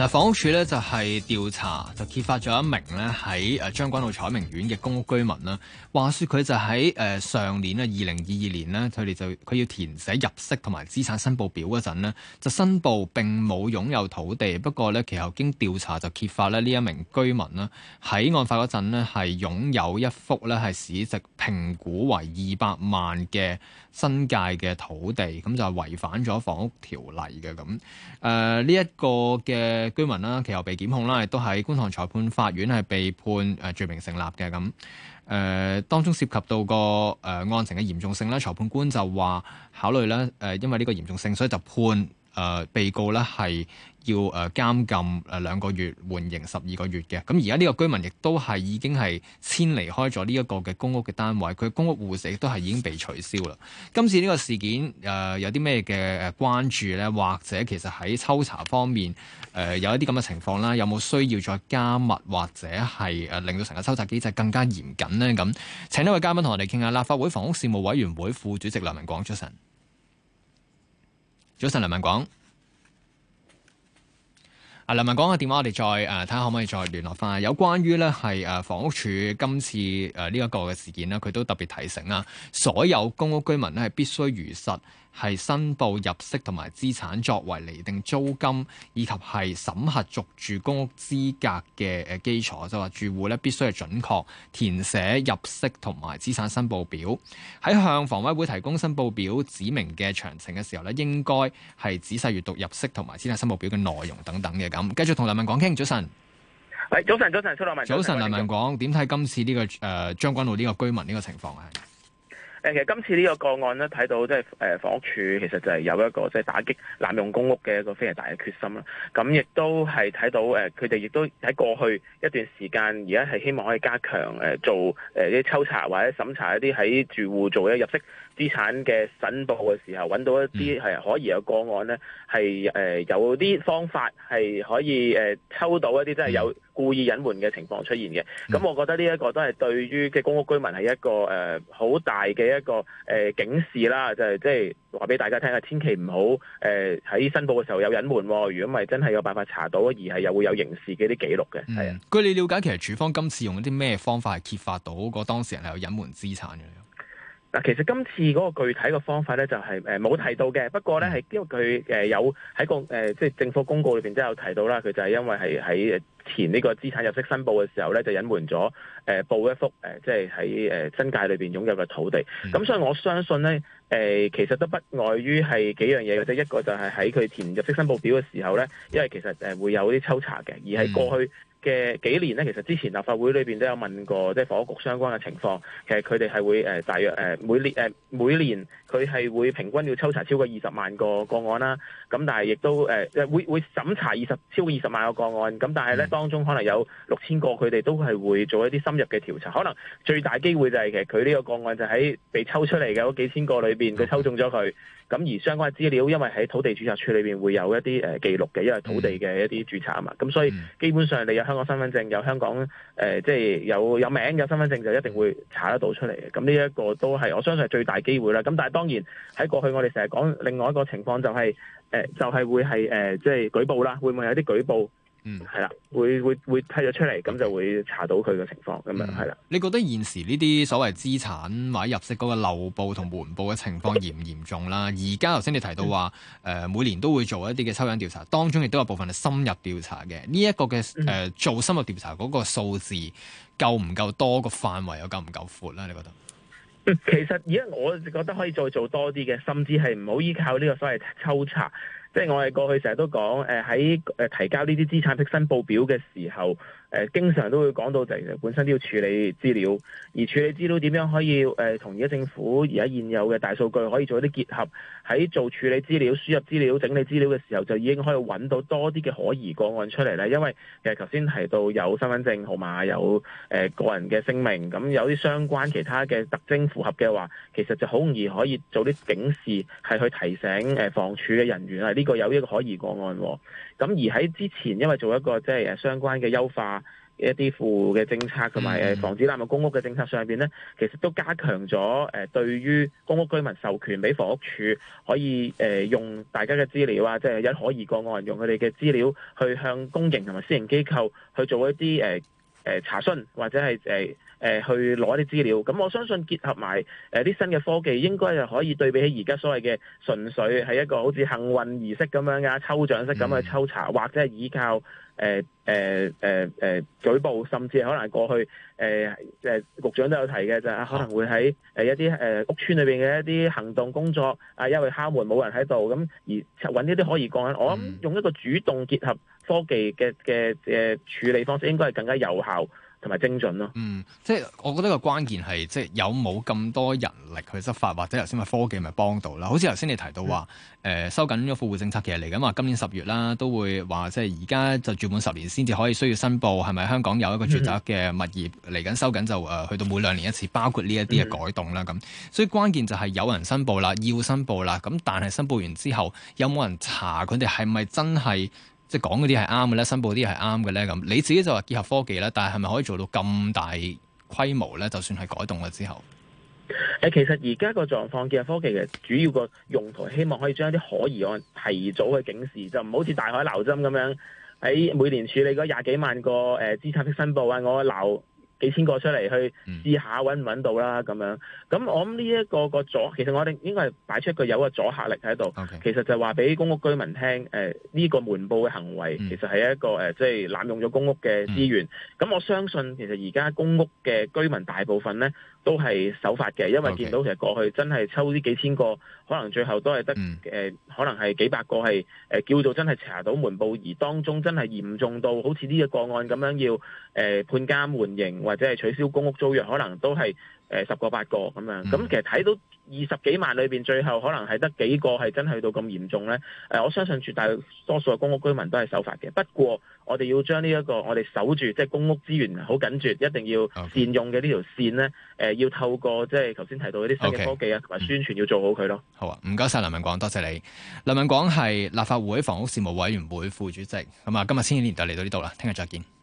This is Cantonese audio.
嗱，房屋署咧就係調查，就揭發咗一名咧喺誒將軍澳彩明苑嘅公屋居民啦。話説佢就喺誒、呃、上年咧，二零二二年咧，佢哋就佢要填寫入息同埋資產申報表嗰陣咧，就申報並冇擁有土地。不過咧，其後經調查就揭發咧呢一名居民啦，喺案發嗰陣咧係擁有一幅咧係市值評估為二百萬嘅新界嘅土地，咁就係違反咗房屋條例嘅咁。誒、呃，呢、這、一個嘅。居民啦，其後被檢控啦，亦都喺觀塘裁判法院係被判誒罪名成立嘅咁。誒、呃、當中涉及到個誒案情嘅嚴重性啦，裁判官就話考慮啦誒、呃，因為呢個嚴重性，所以就判。誒、呃、被告咧係要誒監禁誒兩個月，緩刑十二個月嘅。咁而家呢個居民亦都係已經係遷離開咗呢一個嘅公屋嘅單位，佢公屋戶籍亦都係已經被取消啦。今次呢個事件誒、呃、有啲咩嘅誒關注呢？或者其實喺抽查方面誒、呃、有一啲咁嘅情況啦，有冇需要再加密或者係令到成個抽查機制更加嚴謹呢？咁請呢位嘉賓同我哋傾下，立法會房屋事務委員會副主席梁文廣，早晨。早晨，梁文廣。啊，梁文廣嘅電話，我哋再誒睇下可唔可以再聯絡翻。有關於咧係誒房屋署今次誒呢一個嘅事件咧，佢都特別提醒所有公屋居民咧係必須如實。係申報入息同埋資產作為釐定租金，以及係審核續住公屋資格嘅誒基礎，就係話住戶咧必須係準確填寫入息同埋資產申報表。喺向房委會提供申報表指明嘅詳情嘅時候咧，應該係仔細閱讀入息同埋資產申報表嘅內容等等嘅。咁繼續同梁文廣傾，早晨，早晨。喂，早晨，早晨，出嚟，早晨，早晨，梁文廣點睇今次呢、這個誒將軍澳呢個居民呢個情況啊？誒其實今次呢個個案咧，睇到即係誒房屋署其實就係有一個即係打擊濫用公屋嘅一個非常大嘅決心啦。咁亦都係睇到誒，佢哋亦都喺過去一段時間，而家係希望可以加強誒做誒啲抽查或者審查一啲喺住戶做一些入息資產嘅申報嘅時候，揾到一啲係可，可疑嘅個案咧，係誒有啲方法係可以誒抽到一啲即係有故意隱瞞嘅情況出現嘅。咁我覺得呢一個都係對於嘅公屋居民係一個誒好大嘅。一個誒、呃、警示啦，就係、是、即係話俾大家聽啊，千祈唔好誒喺申報嘅時候有隱瞞、喔，如果唔係真係有辦法查到，而係又會有刑事嘅啲記錄嘅。嗯，據你了解，其實署方今次用啲咩方法係揭發到嗰個當事人係有隱瞞資產嘅？嗱，其實今次嗰個具體嘅方法咧，就係誒冇提到嘅。不過咧，係因為佢誒有喺個誒即係政府公告裏邊真係有提到啦，佢就係因為係喺。填呢個資產入息申報嘅時候咧，就隱瞞咗誒、呃、報一幅誒、呃，即係喺誒新界裏邊擁有嘅土地。咁的所以我相信咧，誒、呃、其實都不外乎係幾樣嘢，或者一個就係喺佢填入息申報表嘅時候咧，因為其實誒、呃、會有啲抽查嘅。而喺過去嘅幾年咧，其實之前立法會裏邊都有問過，即係房屋局相關嘅情況，其實佢哋係會誒、呃、大約誒每年誒每年，呃每年佢係會平均要抽查超過二十萬個個案啦，咁但係亦都誒會會審查二十超過二十萬個個案，咁但係咧、呃 mm. 當中可能有六千個佢哋都係會做一啲深入嘅調查，可能最大機會就係其實佢呢個個案就喺被抽出嚟嘅嗰幾千個裏邊，佢抽中咗佢，咁、mm. 而相關嘅資料因為喺土地註冊處裏邊會有一啲誒、呃、記錄嘅，因為土地嘅一啲註冊啊嘛，咁、mm. 所以基本上你有香港身份證，有香港誒即係有有名嘅身份證就一定會查得到出嚟嘅，咁呢一個都係我相信係最大機會啦，咁但係當當然喺過去我哋成日講另外一個情況就係、是、誒、呃、就係、是、會係誒即係舉報啦，會唔會有啲舉報？嗯，係啦，會會會批咗出嚟，咁就會查到佢嘅情況咁樣係啦。嗯、的你覺得現時呢啲所謂資產或者入息嗰個漏報同瞞報嘅情況嚴唔嚴重啦？而家頭先你提到話誒、呃、每年都會做一啲嘅抽樣調查，當中亦都有部分係深入調查嘅。呢、這、一個嘅誒、呃、做深入調查嗰個數字夠唔夠多？個範圍又夠唔夠闊啦？你覺得？其實，而家我覺得可以再做多啲嘅，甚至係唔好依靠呢個所謂抽查。即係我哋過去成日都講，誒，喺誒提交呢啲資產的申報表嘅時候，誒、呃、經常都會講到就係本身都要處理資料，而處理資料點樣可以誒同而家政府而家現有嘅大數據可以做一啲結合，喺做處理資料、輸入資料、整理資料嘅時候，就已經可以搵到多啲嘅可疑個案出嚟咧。因為其實頭先提到有身份證號碼有誒、呃、個人嘅姓名，咁有啲相關其他嘅特徵符合嘅話，其實就好容易可以做啲警示，係去提醒誒、呃、房署嘅人員。呢個有一個可疑個案喎，咁而喺之前，因為做一個即係相關嘅優化一啲附嘅政策，同埋誒防止濫用公屋嘅政策上邊咧，其實都加強咗誒對於公屋居民授權俾房屋署，可以誒用大家嘅資料啊，即係有可疑個案用佢哋嘅資料去向公營同埋私營機構去做一啲誒誒查詢或者係誒。誒去攞啲資料，咁我相信結合埋誒啲新嘅科技，應該就可以對比起而家所謂嘅純粹係一個好似幸運儀式咁樣嘅抽獎式咁去抽查，嗯、或者係依靠誒誒誒誒舉報，甚至係可能過去誒誒、呃呃、局長都有提嘅就係可能會喺一啲誒、呃、屋村裏面嘅一啲行動工作啊，因為敲門冇人喺度，咁而搵呢啲可以講，嗯、我諗用一個主動結合科技嘅嘅誒處理方式，應該係更加有效。同埋精準咯、啊，嗯，即係我覺得個關鍵係，即係有冇咁多人力去執法，或者頭先咪科技咪幫到啦。好似頭先你提到話、嗯呃，收緊咗富戶政策，其實嚟緊話今年十月啦，都會話即係而家就住滿十年先至可以需要申報，係咪香港有一個住宅嘅物業嚟緊、嗯、收緊就、呃、去到每兩年一次，包括呢一啲嘅改動啦咁、嗯。所以關鍵就係有人申報啦，要申報啦，咁但係申報完之後有冇人查佢哋係咪真係？即係講嗰啲係啱嘅咧，申報啲係啱嘅咧咁，你自己就話結合科技啦，但係係咪可以做到咁大規模咧？就算係改動咗之後，誒其實而家個狀況結合科技嘅主要個用途，希望可以將一啲可疑案提早去警示，就唔好似大海撈針咁樣喺每年處理嗰廿幾萬個誒資產的申報啊，我留，幾千個出嚟去試下揾唔揾到啦咁樣，咁我諗呢一個個阻，其實我哋應該係擺出一個有一個阻嚇力喺度，Okay. 其實就話俾公屋居民聽，誒、呃、呢、這個瞞報嘅行為其實係一個誒，即係、嗯呃就是、濫用咗公屋嘅資源。咁、嗯、我相信其實而家公屋嘅居民大部分咧。都係手法嘅，因為見到其實過去真係抽呢幾千個，可能最後都係得誒、嗯呃，可能係幾百個，係、呃、誒叫做真係查到門部，而當中真係嚴重到好似呢個個案咁樣要，要、呃、誒判監緩刑或者係取消公屋租約，可能都係誒、呃、十個八個咁樣，咁、嗯、其實睇到二十幾萬裏面，最後可能係得幾個係真係去到咁嚴重呢、呃。我相信絕大多數嘅公屋居民都係守法嘅。不過我、這個，我哋要將呢一個我哋守住，即係公屋資源好緊絕，一定要善用嘅呢條線呢、呃，要透過即係頭先提到啲新嘅科技啊，同埋 Okay 宣傳要做好佢咯。好啊，唔該晒。梁文廣，多謝你。梁文廣係立法會房屋事務委員會副主席。咁啊，今日先至年就嚟到呢度啦，聽日再見。